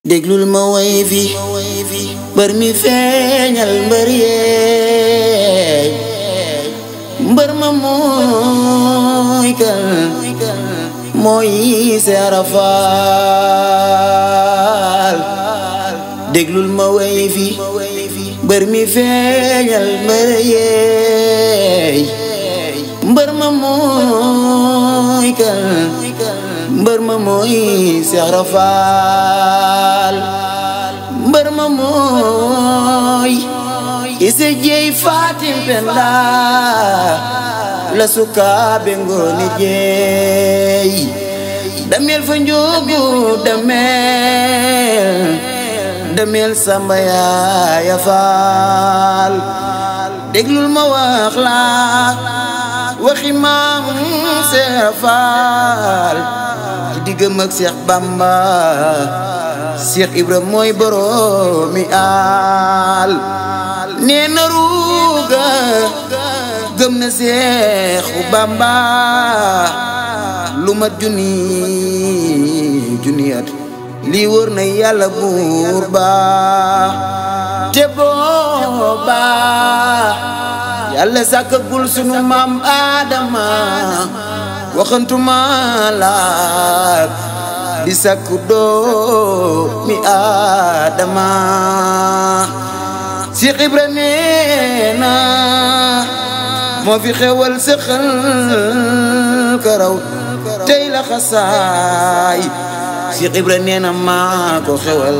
déglul ma woy fi mbër mi feeñal mbër yeey mbër ma mooy kan mooy seera faal déglul ma woy fi mbër mi feeñal mbër yeey mbër ma mooy Seex jeey Fatim Penda la sukaabe ngoone jeey dameel fa njóogu dameel dameel samba yaaya faal déglul ma wax waxi maam Seex Ibra diggam ak Seex Bamba Seex Ibra mooy boroomi aal nee na ruuga gëm na Seexu Bamba lu mat junni junni lii wër na yàlla buur ba te booba yàlla sàkkagul sunu maam Aadama waxantuma laak di sakku doomi aadama si xibra nee na moo fi xewal sëxal karaw tey la xasaay si xibra nee na maa ko xewal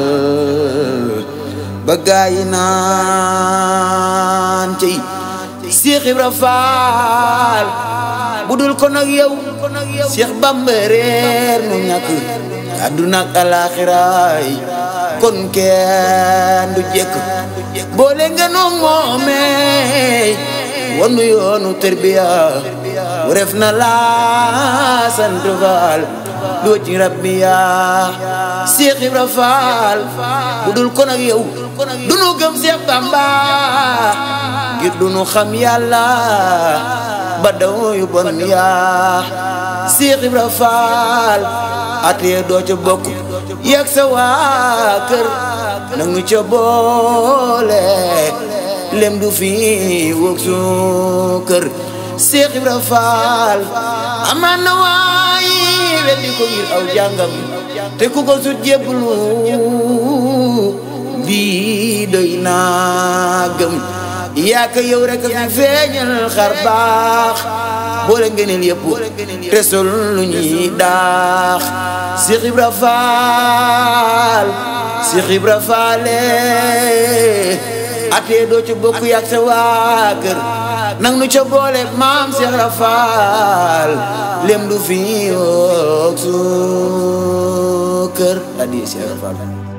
ba gaay naan cey si xibra faal budul ko nag yow Seex Bamba réer nu ñàkk àdduna ak alaaxiraay kon kenn du jekk boole nga nu moomee yoonu tarbiya wu ref na laa sant Faal doo ci rabbiya Seex Ibra Faal bu dul kon ak yow du nu gëm Seex Bamba ngir du nu xam yàlla ba daw yu bon yaa Seex Ibra Faal atelier doo ca bokk yegg sa waa kër boole lem du fi wëg kër Seex Ibra amaan na waay weddi ko ngir aw jàngam te ku ko sut jébbalu bii doy naa yaaka yow rek a fi xar baax boole ngeenil yëpp te sol lu ñuy daax Seex Ibra Faal Seex Ibra Faale atee doo ci bokk yàgg sa waa kër nang nu ca boole maam Seex Ibra lem du fi yoog su kër addi Seex Ibra